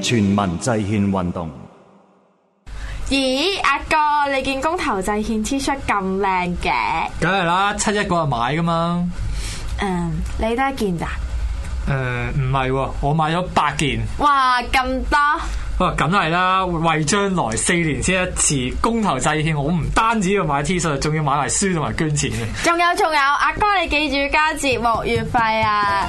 全民制憲運動？咦，阿哥，哥，你見公投制憲 T 恤咁靚嘅？梗係啦，七一嗰日買噶嘛。嗯，你得一件咋？誒、呃，唔係喎，我買咗八件。哇，咁多？咁梗係啦，為將來四年先一次公投制憲，我唔單止要買 T 恤，仲要買埋書同埋捐錢嘅。仲有仲有，阿哥，哥，你記住加節目月費啊！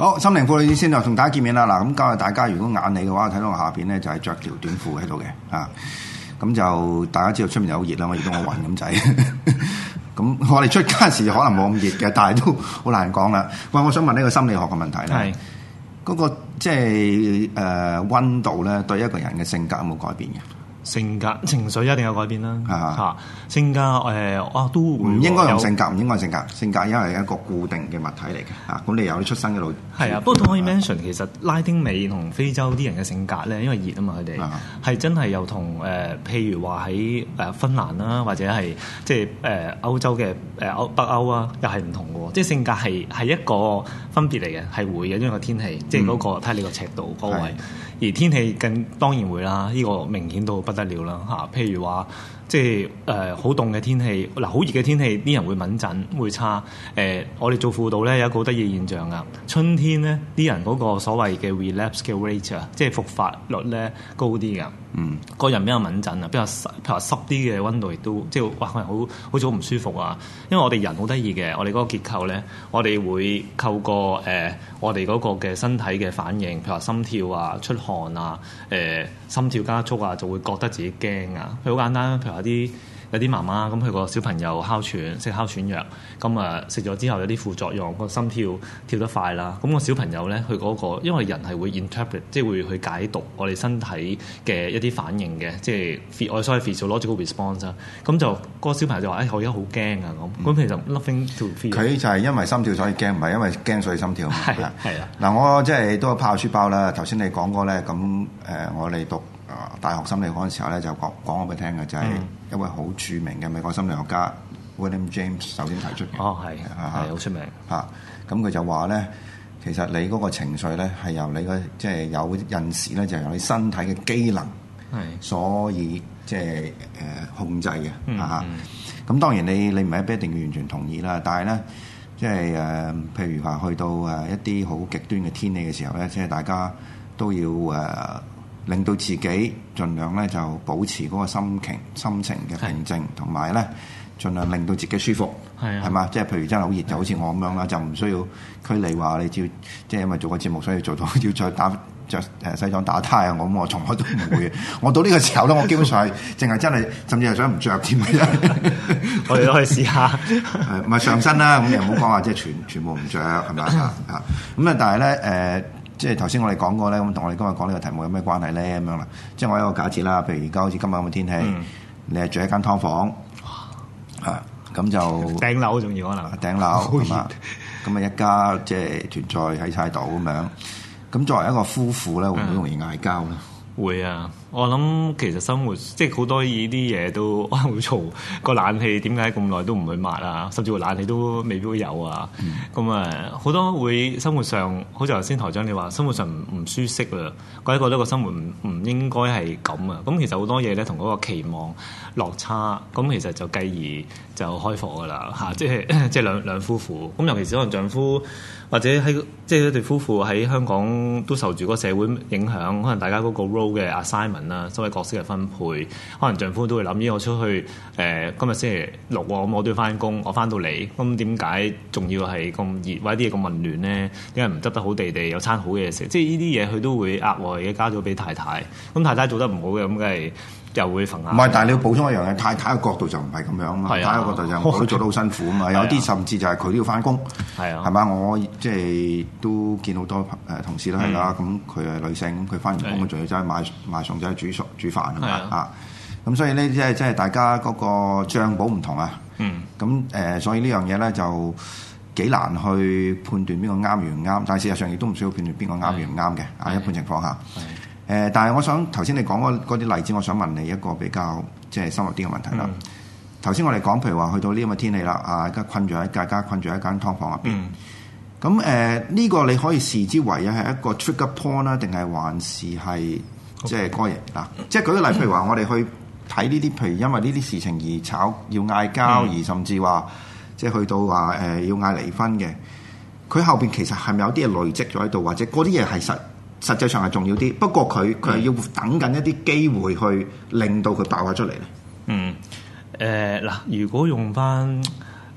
好，心靈輔導熱線就同大家見面啦。嗱，咁教下大家如果眼你嘅話，睇到我下面咧就係着條短褲喺度嘅。咁就大家知道出面又好熱，兩個熱到我暈咁滯。咁 我哋出街時可能冇咁熱嘅，但係都好難講啦。喂、啊，我想問呢個心理學嘅問題、那個就是呃、呢，嗰個即係誒溫度咧，對一個人嘅性格有冇改變嘅？性格、情緒一定有改變啦。嚇、啊，性格誒、呃、啊都唔應該用性格，唔應該係性格。性格因為係一個固定嘅物體嚟嘅嚇。咁、啊、你有啲出生嘅路係啊。不過同我 mention，、啊、其實拉丁美同非洲啲人嘅性格咧，因為他們熱啊嘛，佢哋係真係又同誒，譬如話喺誒芬蘭啦、啊，或者係即係誒歐洲嘅誒歐北歐啊，又係唔同嘅。即、就、係、是、性格係係一個分別嚟嘅，係會嘅，因為個天氣，即係嗰個睇、嗯、你個尺度嗰個位。而天氣更當然會啦，呢、這個明顯到不得了啦嚇、啊，譬如話。即係誒好凍嘅天氣，嗱、呃、好熱嘅天氣啲人會敏準，會差誒、呃。我哋做輔導咧有一個好得意現象㗎，春天咧啲人嗰個所謂嘅 relapse 嘅 rate 啊，即係復發率咧高啲㗎。嗯，個人比較敏準啊，比較濕，譬如話濕啲嘅溫度亦都即係哇，好好似好唔舒服啊。因為我哋人好得意嘅，我哋嗰個結構咧，我哋會透過誒、呃、我哋嗰個嘅身體嘅反應，譬如話心跳啊、出汗啊誒。呃心跳加速啊，就會覺得自己驚啊。佢好簡單，譬如話啲。有啲媽媽咁佢，那個小朋友哮喘，食哮喘藥，咁啊食咗之後有啲副作用，那個心跳跳得快啦。咁，那個小朋友咧，佢嗰，那個因為人係會 interpret，即係會去解讀我哋身體嘅一啲反應嘅，即係 feel，所以 feel 攞住個 response 咁就，那個小朋友就話，哎，我而家好驚啊！咁咁其實 nothing to feel。佢就係因為心跳所以驚，唔係因為驚所以心跳。係啊，係啊。嗱、嗯啊嗯，我即、就、係、是、都拋書包啦。頭先你講過咧，咁誒、呃、我哋讀。大學心理學嗰陣時候咧，就講講我俾聽嘅，就係、是、一位好著名嘅美國心理學家 William James 首先提出嘅。哦，係，係好出名嚇。咁佢就話咧，其實你嗰個情緒咧，係由你嘅即係有陣時咧，就由、是就是、你身體嘅機能係所以即係誒控制嘅嚇。咁、嗯嗯啊、當然你你唔係不一定要完全同意啦，但係咧即係誒，譬如話去到誒一啲好極端嘅天氣嘅時候咧，即係大家都要誒。呃令到自己儘量咧就保持嗰個心情、心情嘅平靜，同埋咧儘量令到自己舒服，係嘛？即係譬如真係好熱，就好似我咁樣啦，就唔需要拘泥話你照。即係因為做個節目，所以做到要再打着誒西裝打呔啊！我咁我從來都唔會，我到呢個時候咧， 我基本上係淨係真係，甚至係想唔着添。 我哋都可以試下， 係上身啦？咁你唔好講話即係全全部唔着，係咪？啊咁啊！但係咧誒。即係頭先我哋講過咧，咁同我哋今日講呢個題目有咩關係咧？咁樣啦，即係我一個假設啦。譬如而家好似今晚咁嘅天氣，嗯、你係住一間劏房，係咁、啊、就頂樓仲要可能，頂樓係嘛？咁啊 一家即係、就是、團聚喺曬度咁樣，咁作為一個夫婦咧，會唔會容易嗌交咧？會啊！我諗其實生活即係好多呢啲嘢都好嘈，個冷氣點解咁耐都唔會抹啊？甚至乎冷氣都未必會有啊！咁、嗯、啊，好多會生活上，好似頭先台長你話，生活上唔唔舒適啊，或者覺得個生活唔唔應該係咁啊！咁其實好多嘢咧，同個期望落差，咁其實就繼而就開火噶啦嚇！即係即係兩兩夫婦，咁尤其是可能丈夫或者喺即係一對夫婦喺香港都受住個社會影響，可能大家個 role 嘅 assignment。啦，所謂角色嘅分配，可能丈夫都會諗，咦，我出去誒、呃、今日星期六咁我都要翻工，我翻到嚟，咁點解仲要係咁熱，或者啲嘢咁混亂咧？因為唔執得好地地，有餐好嘢食？即係呢啲嘢佢都會額外嘅交咗俾太太，咁太太做得唔好嘅，咁梗係。又會唔係，但係你要補充一樣嘢，太太嘅角度就唔係咁樣嘛。太太嘅角度就佢做到好辛苦啊嘛。有啲甚至就係佢都要翻工，係啊，係嘛？我即係都見好多誒同事都係啦。咁佢係女性，咁佢翻完工，佢仲要走去買買餸，走去煮熟煮飯係嘛啊。咁所以呢，即係即係大家嗰個帳簿唔同啊。咁、嗯、誒、嗯呃，所以這件事呢樣嘢咧就幾難去判斷邊個啱與唔啱。但係事實上亦都唔需要判斷邊個啱與唔啱嘅啊。一般情況下。誒，但係我想頭先你講嗰啲例子，我想問你一個比較即係深入啲嘅問題啦。頭、嗯、先我哋講，譬如話去到呢咁嘅天氣啦，啊，而家困住喺大家困住喺間劏房入邊。咁、嗯、誒，呢、呃呢個你可以視之為一係一個 trigger point 啦，定係還是係即係嗰嘢嗱？即係、okay. 即係、舉個例，譬如話我哋去睇呢啲，譬如因為呢啲事情而炒，要嗌交、嗯，而甚至話即係去到話誒、呃、要嗌離婚嘅。佢後邊其實係咪有啲嘢累積咗喺度，或者嗰啲嘢係實？實際上係重要啲，不過佢佢係要等緊一啲機會去令到佢爆發出嚟咧。嗯，誒、呃、嗱，如果用翻，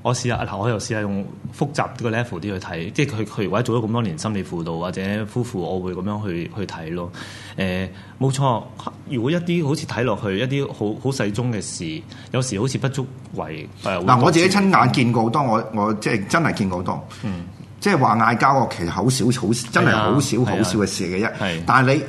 我試下嗱，我又試下用複雜啲個 level 啲去睇，即係佢佢如果做咗咁多年心理輔導或者夫婦，我會咁樣去去睇咯。誒、呃，冇錯。如果一啲好似睇落去一啲好好細宗嘅事，有時候好似不足為。嗱、呃呃，我自己親眼見過好多，我我即係真係見過好多。嗯。即係話嗌交喎，其實好少好真係好少好少嘅事嘅啫。但係你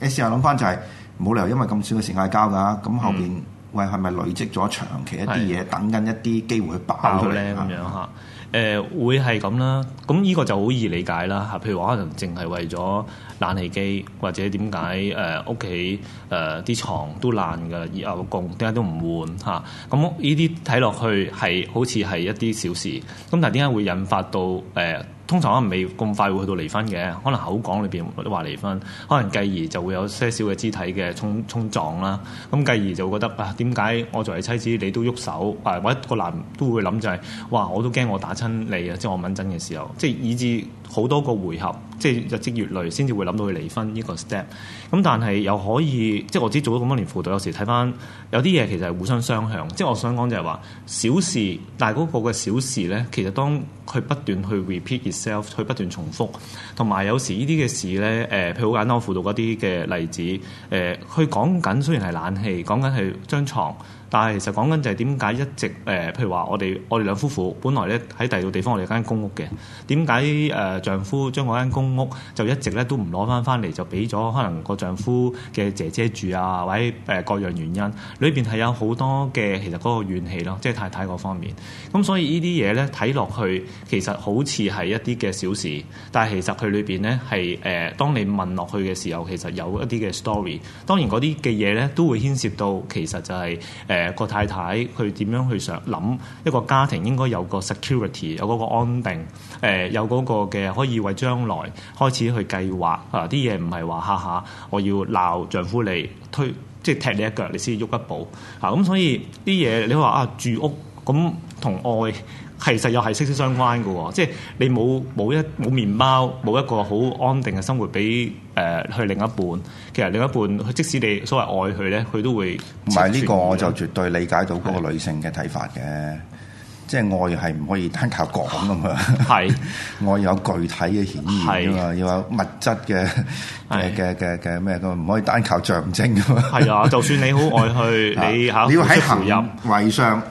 你試下諗翻就係、是、冇理由因為咁少嘅事嗌交㗎。咁後邊、嗯、喂係咪累積咗長期一啲嘢，等緊一啲機會去爆咗咧？咁樣吓，誒、呃、會係咁啦。咁呢個就好易理解啦。嚇，譬如話可能淨係為咗冷氣機或者點解誒屋企誒啲床都爛㗎，而後個共點解都唔換嚇？咁呢啲睇落去係好似係一啲小事。咁但係點解會引發到誒？呃通常可能未咁快會去到離婚嘅，可能口講裏邊都話離婚，可能繼而就會有些少嘅肢體嘅衝衝撞啦。咁繼而就覺得啊，點解我作為妻子你都喐手？啊，或者個男都會諗就係、是，哇，我都驚我打親你啊！即係我揾真嘅時候，即係以至……好多個回合，即係日積月累，先至會諗到去離婚呢個 step。咁但係又可以，即係我自己做咗咁多年輔導，有時睇翻有啲嘢其實係互相相向。即係我想講就係話小事，但係嗰個嘅小事咧，其實當佢不斷去 repeat itself，佢不斷重複，同埋有，有時呢啲嘅事咧，誒、呃，譬如好簡單，輔導嗰啲嘅例子，誒、呃，佢講緊雖然係冷氣，講緊係張床。但係其實講緊就係點解一直、呃、譬如話我哋我哋兩夫婦，本來咧喺第二個地方我哋間公屋嘅，點解誒丈夫將嗰間公屋就一直咧都唔攞翻翻嚟，就俾咗可能個丈夫嘅姐姐住啊，或者、呃、各樣原因，裏面係有好多嘅其實嗰個怨氣咯，即係太太嗰方面。咁所以呢啲嘢咧睇落去，其實好似係一啲嘅小事，但係其實佢裏面咧係誒，當你問落去嘅時候，其實有一啲嘅 story。當然嗰啲嘅嘢咧都會牽涉到，其實就係誒誒、呃、個太太佢點樣去想諗一個家庭應該有個 security 有個個安定，呃、有個個嘅可以為將來開始去計劃啊啲嘢，唔係話下下我要鬧丈夫你推即係踢你一腳你先喐一步咁，啊、所以啲嘢你話啊住屋咁同愛。其實又係息息相關嘅，即係你冇冇一冇麪包，冇一個好安定嘅生活俾誒去另一半。其實另一半即使你所謂愛佢咧，佢都會唔係呢個，我就絕對理解到嗰個女性嘅睇法嘅。係即係愛係唔可以單靠講嘅嘛，係 愛有具體嘅顯現㗎嘛，要有物質嘅嘅嘅嘅嘅咩，佢唔 可以單靠象徵㗎嘛。係啊，就算你好愛佢，你、啊、 你要喺行為上。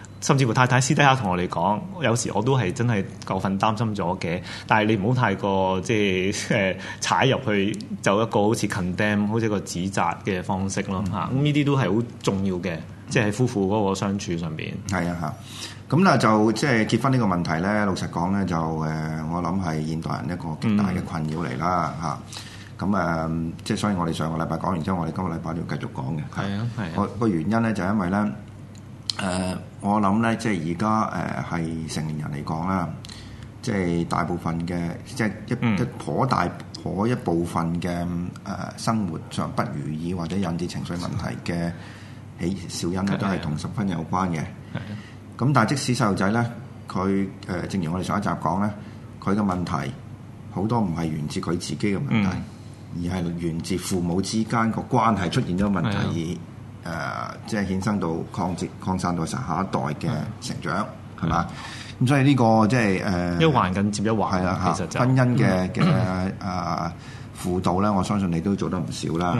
甚至乎太太私底下同我哋講，有時我都係真係過分擔心咗嘅。但係你唔好太過即係誒踩入去，就一個好似 condemn，嗯，好似一個指責嘅方式咯嚇。咁呢啲都係好重要嘅，即係夫婦嗰個相處上邊。係啊嚇。咁啦就即係結婚呢個問題咧，老實講咧就誒，我諗係現代人一個極大嘅困擾嚟啦嚇。咁誒，即係所以我哋上個禮拜講完之後，我哋今個禮拜要繼續講嘅。係啊係啊，個原因咧就係因為咧。誒、呃，我諗咧，即係而家誒，係、呃、成年人嚟講啦，即係大部分嘅、嗯，即係一一頗大頗一部分嘅誒、呃、生活上不如意或者引致情緒問題嘅起肇因都係同十分有關嘅。咁、嗯、但係即使細路仔咧，佢誒、呃，正如我哋上一集講咧，佢嘅問題好多唔係源自佢自己嘅問題，是自自問題嗯、而係源自父母之間個關係出現咗問題。嗯而誒、呃，即係衍生到擴節擴散到成下一代嘅成長，係、嗯、嘛？咁所以呢、呢個即係誒、呃，一環緊接一環、啊，其實就婚姻嘅嘅誒輔導咧，我相信你都做得唔少啦。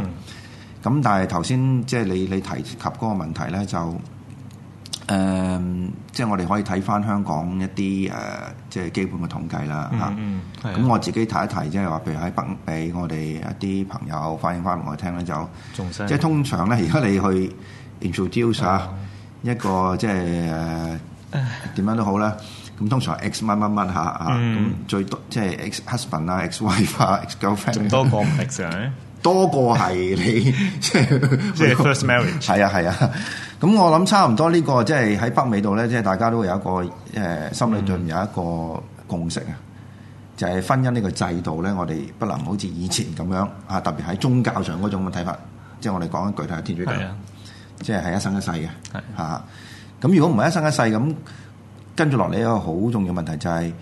咁、嗯、但係頭先即係你你提及嗰個問題咧，就。誒、嗯，即係我哋可以睇翻香港一啲誒、呃，即係基本嘅統計啦嚇。咁、嗯嗯、我自己提一提，即係話，譬如喺北，俾我哋一啲朋友反映翻俾我聽咧，就即係通常咧，而家你去 introduce 啊，嗯、一個即係誒點樣都好啦。咁通常 ex 乜乜乜嚇啊，咁最多即係 ex husband 啊，ex wife 啊，ex girlfriend，仲多過 ex，多過係你即係 first marriage，係啊係啊。咁我諗差唔多呢、這個即係喺北美度咧，即係大家都會有一個誒、呃、心理上有一個共識啊，嗯、就係婚姻呢個制度咧，我哋不能好似以前咁樣啊，特別喺宗教上嗰種嘅睇法，即係我哋講一句睇下天主教，即係係一生一世嘅，吓、啊啊。咁如果唔係一生一世咁跟住落嚟，一個好重要的問題就係、是，即、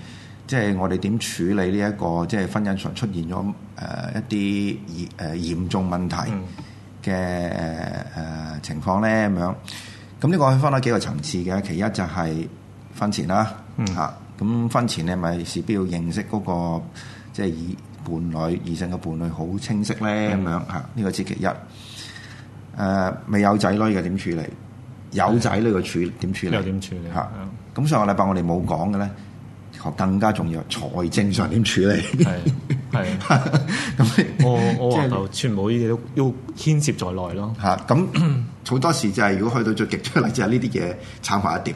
就、係、是、我哋點處理呢、這、一個即係、就是、婚姻上出現咗誒、呃、一啲嚴誒嚴重問題。嗯嘅誒情況咧咁樣，咁呢個分開幾個層次嘅，其一就係婚前啦嚇，咁、嗯、婚前你咪是必要認識嗰、那個即係異伴侶、異性嘅伴侶好清晰咧咁樣嚇，呢個即係其一。誒、呃、未有仔女嘅點處理？有仔女嘅處點處理？又點處理嚇？咁、嗯、上個禮拜我哋冇講嘅咧。更加重要，財政上點處理？係係咁，我我話就 全部呢啲都要牽涉在內咯。嚇，咁好多時就係、是、如果去到最極端例子，就係呢啲嘢撐埋一碟，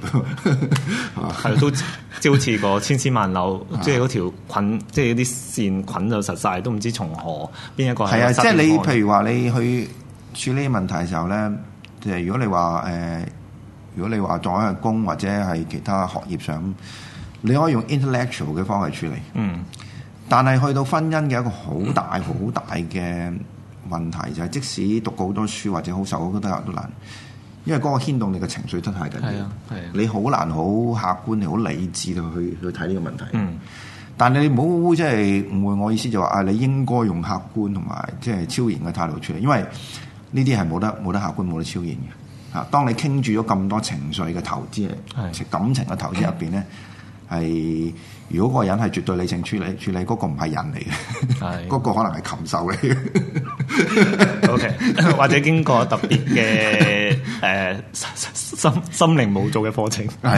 係 都過千千萬 菌 即似個千絲萬縷，即係嗰條捆，即係啲線捆到實晒，都唔知從何邊一個是。係啊，即係你譬如話你去處理問題嘅時候咧，即、就、係、是、如果你話誒、呃，如果你話做緊工或者係其他行業上。你可以用 intellectual 嘅方法處理，嗯，但係去到婚姻嘅一個好大好大嘅問題、嗯、就係、是，即使讀過好多書或者好受過教育都難，因為嗰個牽動你嘅情緒真太緊要，係啊，係啊，你好難好客觀又好理智去去睇呢個問題。嗯，但係你唔好即係誤會我意思就話、是、啊，你應該用客觀同埋即係超然嘅態度處理，因為呢啲係冇得冇得客觀冇得超然嘅。嚇，當你傾住咗咁多情緒嘅投資，係感情嘅投資入邊咧。嗯嗯。係如果個人係絕對理性處理，處理嗰個唔係人嚟嘅。嗰 個可能係禽獸嚟嘅，OK，或者經過特別嘅、 呃、心心靈冇做嘅課程，啊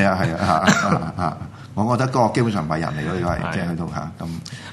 啊 我覺得個個基本上唔係人嚟嗰個係，即係喺度嚇咁。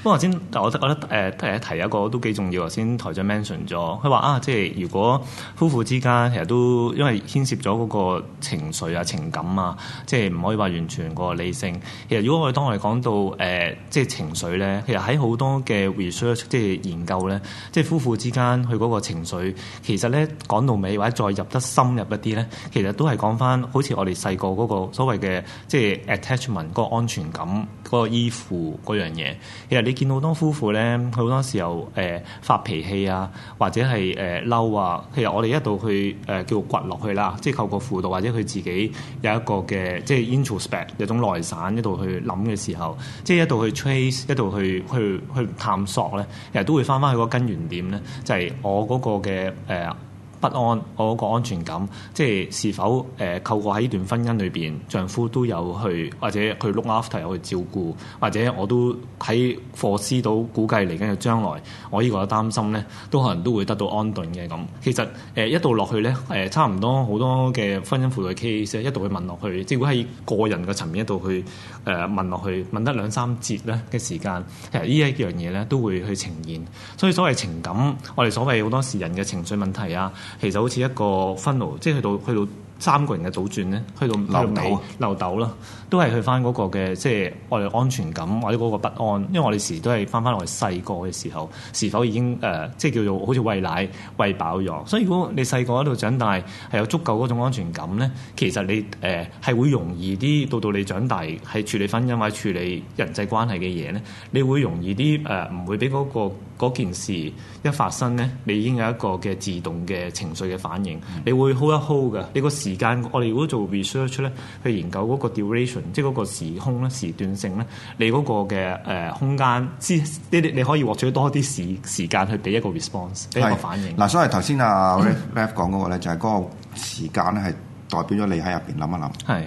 不過頭先，我覺得覺得誒提一個都幾重要啊。頭先台長 mention 咗，佢話啊，即係如果夫婦之間其實都因為牽涉咗嗰個情緒啊、情感啊，即係唔可以話完全個理性。其實如果我哋當我哋講到誒、呃、即係情緒咧，其實喺好多嘅 research 即係研究咧，即係夫婦之間佢嗰個情緒，其實咧講到尾或者再入得深入一啲咧，其實都係講翻好似我哋細個嗰個所謂嘅即係 attachment 安全感嗰、那個依附嗰樣嘢，其實你見到好多夫婦咧，佢好多時候誒、呃、發脾氣啊，或者係誒嬲啊。其實我哋一度去誒、呃、叫掘落去啦，即係透過輔導或者佢自己有一個嘅即係 introspect 一種內省一度去諗嘅時候，即係一度去 trace 一度去去去探索咧，其實都會返返去個根源點咧，就係、是、我嗰個嘅誒。呃不安，我個安全感，即係是，是否誒透、呃、過喺呢段婚姻裏面，丈夫都有去或者佢 look after 有去照顧，或者我都喺 foresee 到估計嚟緊嘅將來，我呢個擔心咧，都可能都會得到安頓嘅咁。其實、呃、一度落去咧，差唔多好多嘅婚姻輔導嘅 case，一度去問落去，即會喺個人嘅層面一度去誒、呃、問落去，問得兩三節咧嘅時間，其實呢一樣嘢咧都會去呈現。所以所謂情感，我哋所謂好多時人嘅情緒問題啊～其實好似一個分路，即係去到去到三個人嘅倒轉咧，去到漏斗，漏斗啦，都係去翻嗰個嘅，即係我哋安全感或者嗰個不安。因為我哋時時都係翻翻我哋細個嘅時候，是否已經、呃、即係叫做好似餵奶餵飽咗。所以如果你細個喺度長大，係有足夠嗰種安全感咧，其實你誒係會容易啲到到你長大係處理婚姻或者處理人際關係嘅嘢咧，你會容易啲誒，唔會俾嗰個。嗰件事一發生咧，你已經有一個嘅自動嘅情緒嘅反應，嗯、你會 hold 一 hold 嘅。你個時間，我哋如果做 research 咧，去研究嗰個 duration，即係嗰個時空咧、時段性咧，你嗰個嘅誒空間，即呢啲你可以獲取多啲時時間去俾一個 response，俾一個反應。嗱、那個，所以頭先阿 Ralph 講嗰個咧，就係、是、嗰個時間咧，係代表咗你喺入邊諗一諗。係，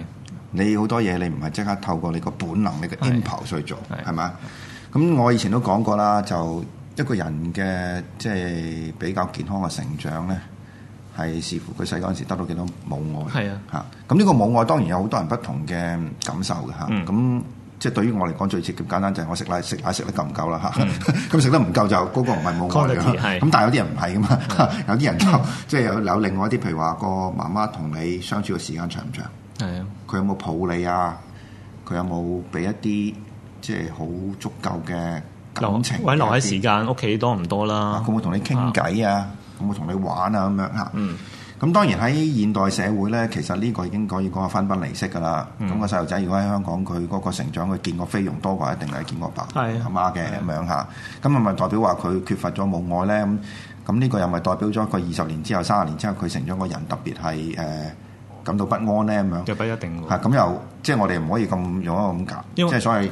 你好多嘢你唔係即刻透過你個本能、你個 impulse 去做，係咪？咁我以前都講過啦，就。一個人嘅即係比較健康嘅成長咧，係視乎佢細個嗰陣時得到幾多母愛。係啊，啊，嚇，咁呢個母愛當然有好多人不同嘅感受嘅嚇。咁、嗯啊、即係對於我嚟講最直接簡單就係我食奶食奶食得夠唔夠啦嚇。咁食得唔夠就嗰個唔係母愛咯。咁、啊、但係有啲人唔係噶嘛，啊、 有啲人就即係有有另外一啲，譬如話個媽媽同你相處嘅時間長唔長？係啊。佢有冇抱你啊？佢有冇俾一啲即係好足夠嘅？感情，或者留喺時間屋企多唔多啦？佢會同你傾偈啊，佢會同你玩啊咁樣嚇。嗯。咁當然喺現代社會咧，其實呢個已經可以講係分崩離析噶啦。咁、嗯，那個細路仔如果喺香港，佢嗰個成長，佢見過菲傭多過一定係見過爸阿媽嘅咁樣嚇。咁係咪代表話佢缺乏咗母愛咧？咁咁呢個又咪代表咗佢二十年之後三十年之後佢成長個人特別係誒感到不安咧？咁樣就不一定喎。咁、啊、又即係、就是、我哋唔可以咁用一咁解，即係、就是、所謂。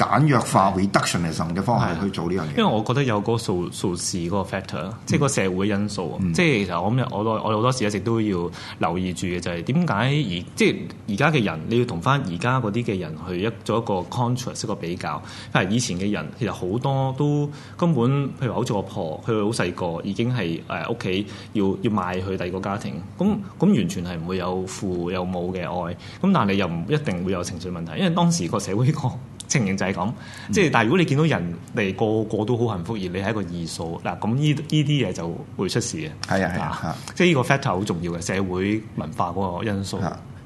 簡約化 reductionism 嘅方式去做呢樣嘢，因為我覺得有個數數事嗰個 factor，、嗯、即係個社會因素啊、嗯。即係其實我我我好多時一直都要留意住嘅，就係點解而即係而家嘅人你要同返而家嗰啲嘅人去一做一個 contrast 一個比較。因為以前嘅人其實好多都根本，譬如好似我婆，佢好細個已經係誒屋企要要賣去第二個家庭，咁咁完全係唔會有父有母嘅愛。咁但係你又唔一定會有情緒問題，因為當時嗰個社會、嗰個情形就係咁，即、嗯、係但係如果你見到人哋個個都好幸福，而你係一個異數嗱，咁呢呢啲嘢就會出事嘅。係啊，係啊，即係呢個 factor 好重要嘅社會文化嗰個因素。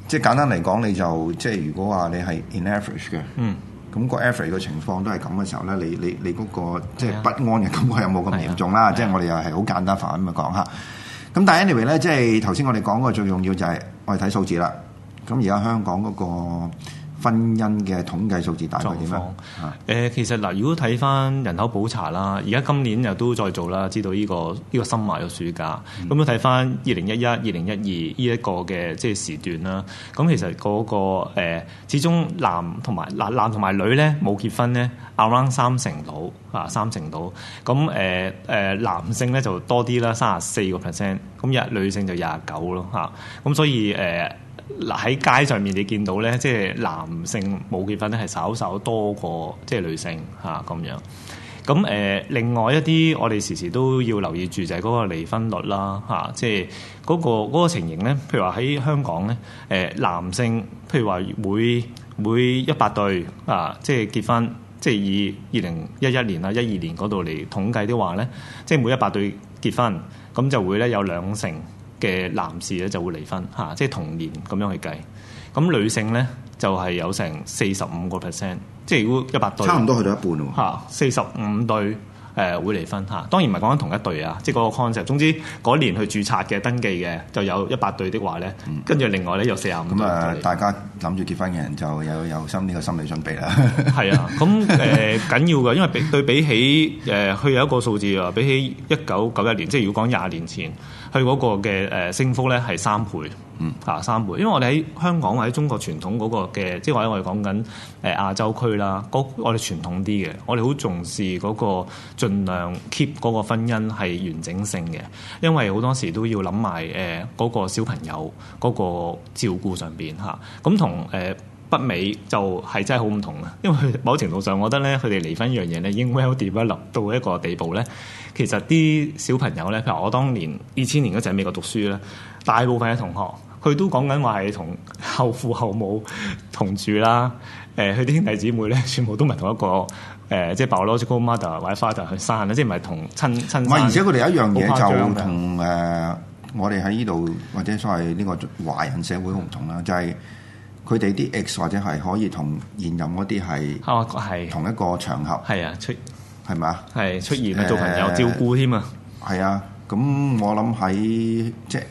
即係簡單嚟講，你就即係如果話你係 in average 嘅，嗯，咁個 average 嘅情況都係咁嘅時候咧，你你你嗰、那個即係不安嘅感覺有冇咁嚴重啦？即係我哋又係好簡單化咁嚟講吓。咁但係 anyway 咧，即係頭先我哋講嘅最重要就係、是、我哋睇數字啦。咁而家香港嗰、那個婚姻嘅統計數字大概點樣啊？誒、呃，其實嗱，如果睇翻人口普查啦，而家今年又都再做啦，知道依、這個依、這個新嘅暑假，咁都睇翻二零一一、二零一二呢一個嘅即係時段啦。咁其實嗰、那個始終男同埋男男同埋女咧冇結婚咧，around 三成到啊，三成到。咁誒誒，男性咧就多啲啦，卅四個 percent，咁若女性就廿九咯嚇。咁所以誒。呃嗱喺街上面你見到咧，即係男性冇結婚咧係稍稍多過即係女性嚇咁樣。咁誒，另外一啲我哋時時都要留意住就係嗰個離婚率啦嚇，即係嗰個嗰個情形咧。譬如話喺香港咧，誒男性譬如話每每一百對啊，即係結婚，即係以二零一一年啊、一二年嗰度嚟統計的話咧，即係每一百對結婚咁就會咧有兩成嘅男士咧就會離婚嚇，即係同年咁樣去計。咁女性咧就係有成四十五個 percent，即係如果一百對，差唔多去到一半喎。嚇，四十五對誒會離婚嚇。當然唔係講緊同一對啊，即係嗰個 concept。總之嗰年去註冊嘅登記嘅就有一百對的話咧，跟、嗯、住另外咧有四十五。咁啊，大家諗住結婚嘅人就有有心呢個心理準備啦。係 啊，咁誒緊要嘅，因為對比起誒，佢、呃、有一個數字啊，比起一九九一年，即係如果講廿年前。佢嗰個嘅誒升幅咧係三倍，嗯嚇三倍，因為我哋喺香港或者中國傳統嗰個嘅，即係我哋講緊誒亞洲區啦，嗰、那個、我哋傳統啲嘅，我哋好重視嗰個儘量 keep 嗰個婚姻係完整性嘅，因為好多時都要諗埋嗰個小朋友嗰個照顧上邊嚇，咁同誒。呃北美就係、是、真係好唔同啦，因為某程度上，我覺得咧，佢哋離婚一樣嘢咧，已經 well develop 到一個地步咧。其實啲小朋友咧，譬如我當年二千年嗰陣喺美國讀書咧，大部分嘅同學佢都講緊話係同後父後母同住啦。誒，佢啲兄弟姊妹咧，全部都唔係同一個誒，即係 biological mother 或者 father 去生咧，即係唔係同親親生。而且佢哋有一樣嘢就同誒、呃、我哋喺呢度或者所謂呢個華人社會好唔同啦，嗯、就係、是。佢哋啲 x 或者係可以同現任嗰啲係係同一個場合係，哦、啊出係咪啊？係出現啊做朋友、呃、照顧添啊，係啊，咁我諗喺即係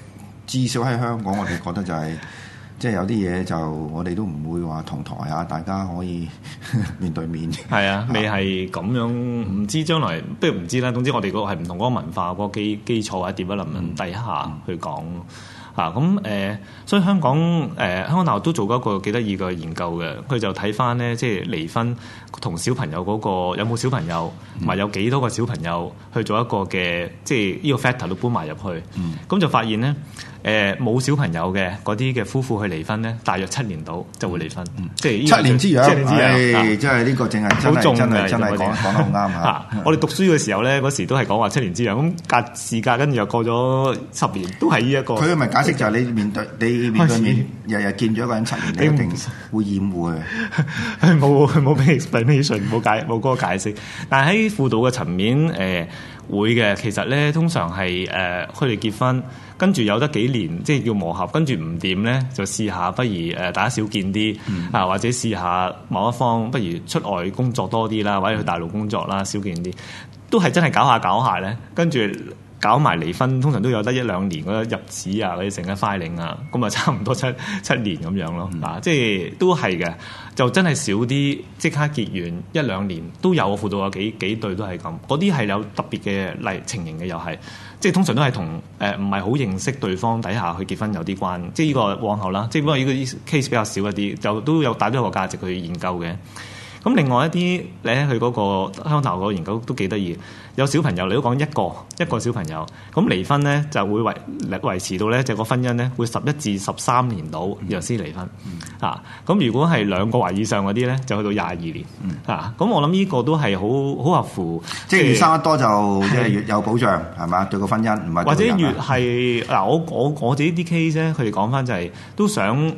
至少喺香港我哋覺得就係、是、 即係有啲嘢就我哋都唔會話同台啊大家可以 面對面係啊你係咁樣唔、啊、知將來不如唔知啦，總之我哋個係唔同嗰個文化嗰個基基礎或者點樣立 mund 下去講。啊，咁誒、呃，所以香港誒、呃、香港大學都做過一個幾得意嘅研究嘅，佢就睇翻咧，即、就、係、是、離婚同小朋友嗰、那個有冇小朋友，咪、嗯、有幾多個小朋友去做一個嘅，即係呢個 factor 都搬埋入去，咁、嗯、就發現咧。誒，冇小朋友嘅嗰啲嘅夫婦去離婚咧，大約七年到就會離婚，嗯嗯、即係、這個、七年之癢。即、就、係、是，即係呢個正係好重嘅。講真講得啱 啊，啊！我哋讀書嘅時候咧，嗰時都係講話七年之癢。咁隔時隔跟住又過咗十年，都係呢一個。佢咪解釋就係你面對你面對面日日見咗一個人七年，你一定會厭會冇冇咩 explanation，冇 解冇個解釋。但係喺輔導嘅層面，誒、呃。會嘅，其實咧通常係誒佢哋結婚，跟住有得幾年，即係叫磨合，跟住唔掂咧就試下，不如誒大家少見啲、嗯、啊，或者試下某一方不如出外工作多啲啦，或者去大陸工作啦，少見啲，都係真係搞下搞下咧，跟住，搞埋離婚，通常都有得一兩年嗰啲、嗰個、入紙啊，嗰啲成日 filing 啊，咁啊差唔多七七年咁樣咯，嗯、即係都係嘅，就真係少啲即刻結完一兩年都有，我輔導過幾幾對都係咁，嗰啲係有特別嘅例情形嘅又係，即係通常都係同誒唔係好認識對方底下去結婚有啲關係，即係呢個往後啦，即係不過呢個 case 比較少一啲，就都有帶咗個個價值去研究嘅。咁另外一啲咧，佢嗰、嗰個香港大學個研究都幾得意。有小朋友，你都講一個一個小朋友，咁離婚咧就會維維持到咧就是、個婚姻咧會十一至十三年到先離婚、嗯嗯、啊。咁如果係兩個或以上嗰啲咧，就去到廿二年、嗯、啊。咁我諗呢個都係好好合乎，即係、呃、生得多就即係有保障係嘛？對個婚姻唔係或者越係嗱，我我我自己啲 case 咧、就是，佢哋講翻就係都想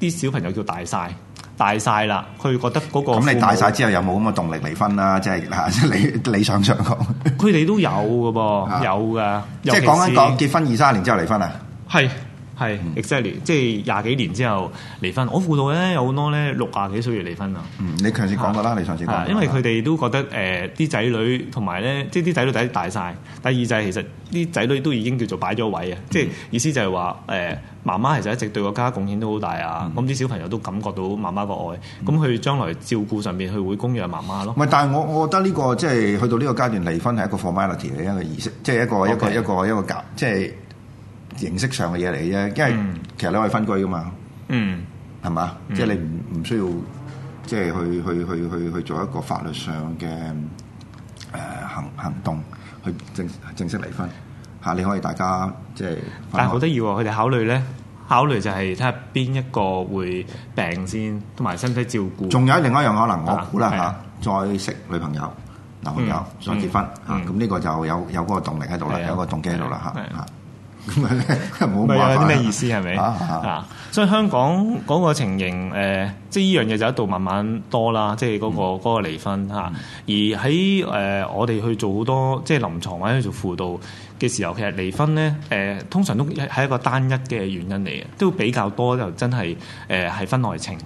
啲小朋友叫大晒。大晒啦，佢覺得嗰個，咁你大晒之後有冇咁嘅動力離婚？即係、 你啊？即係嚇，理理想上講，佢哋都有㗎噃，有㗎。即係講緊講結婚二三十年之後離婚啊，係。係，exactly，、嗯、即係廿幾年之後離婚。我輔導咧有好多咧六廿幾歲要離婚啊。嗯，你上次講過啦，你上次講，因為佢哋都覺得誒啲仔女同埋咧，即係啲仔女第一第一大晒。第二就係、是、其實啲仔女都已經叫做擺咗位啊。即、嗯、係意思就係話誒，媽媽其實一直對個家貢獻都好大啊。咁、嗯、啲小朋友都感覺到媽媽個愛，咁、嗯、佢將來照顧上面佢會供養媽媽咯。唔係，但係我我覺得呢、這個即係、就是、去到呢個階段離婚係一個 formality 嘅一個儀式，即、嗯、係一個、okay. 一個一個一個夾，即、就、係、是。形式上嘅嘢嚟啫，因為、嗯、其實你可以分居噶嘛，係、嗯、嘛？即係、嗯就是、你唔唔需要即係、就是、去去去去去做一個法律上嘅誒行行動去正正式離婚嚇，你可以大家即係、就是。但係好得意喎，佢哋考慮咧，考慮就係睇下邊一個會病先，同埋身體照顧。仲有另外一樣可能我，我估啦嚇，再識女朋友、男朋友，再、嗯、結婚嚇，咁、嗯、呢個就有有嗰個動力喺度啦，有個動機喺度啦嚇嚇。唔係咧，唔係啊！啲咩意思係咪啊，啊，啊？所以香港嗰個情形，即係呢樣嘢就一、是、度慢慢多啦，即係嗰個嗰、嗯那個、離婚、啊、而喺、呃、我哋去做好多即係、就是、臨床或者去做輔導嘅時候，其實離婚咧、呃、通常都係一個單一嘅原因嚟嘅，都比較多就真係誒係婚外情，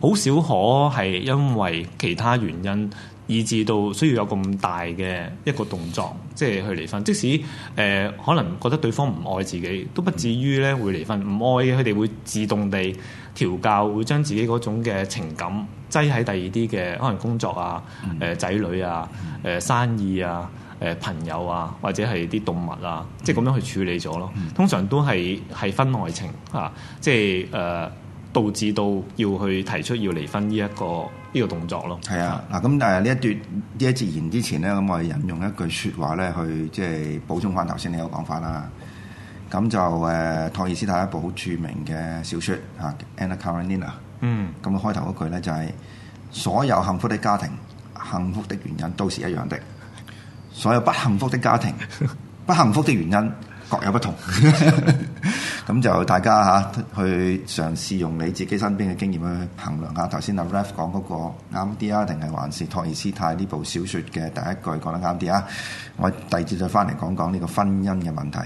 好、嗯、少可係因為其他原因。以至到需要有咁大嘅一個動作，即係去離婚。即使、呃、可能覺得對方唔愛自己，都不至於咧會離婚。唔愛佢哋會自動地調教，會將自己嗰種嘅情感擠喺第二啲嘅可能工作啊、呃、仔女啊、呃、生意啊、呃、朋友啊，或者係啲動物啊，即係咁樣去處理咗咯。通常都係係分愛情吓，即係誒。啊就是呃導致到要去提出要離婚呢一個呢個動作咯。係啊，嗱咁但係呢一段呢一自然之前咧，咁我哋引用一句説話咧，去即係補充翻頭先你嘅講法啦。咁就誒，托爾斯泰一部好著名嘅小説嚇，《安娜卡列尼娜》。嗯。咁開頭嗰句咧就係：所有幸福的家庭，幸福的原因都是一樣的，所有不幸福的家庭，不幸福的原因各有不同。 咁就大家吓、啊、去嘗試用你自己身邊嘅經驗去衡量下，頭先阿 Ralph 講嗰個啱啲啊，定係還是托爾斯泰呢部小說嘅第一句講得啱啲啊？我第二節再翻嚟講講呢個婚姻嘅問題。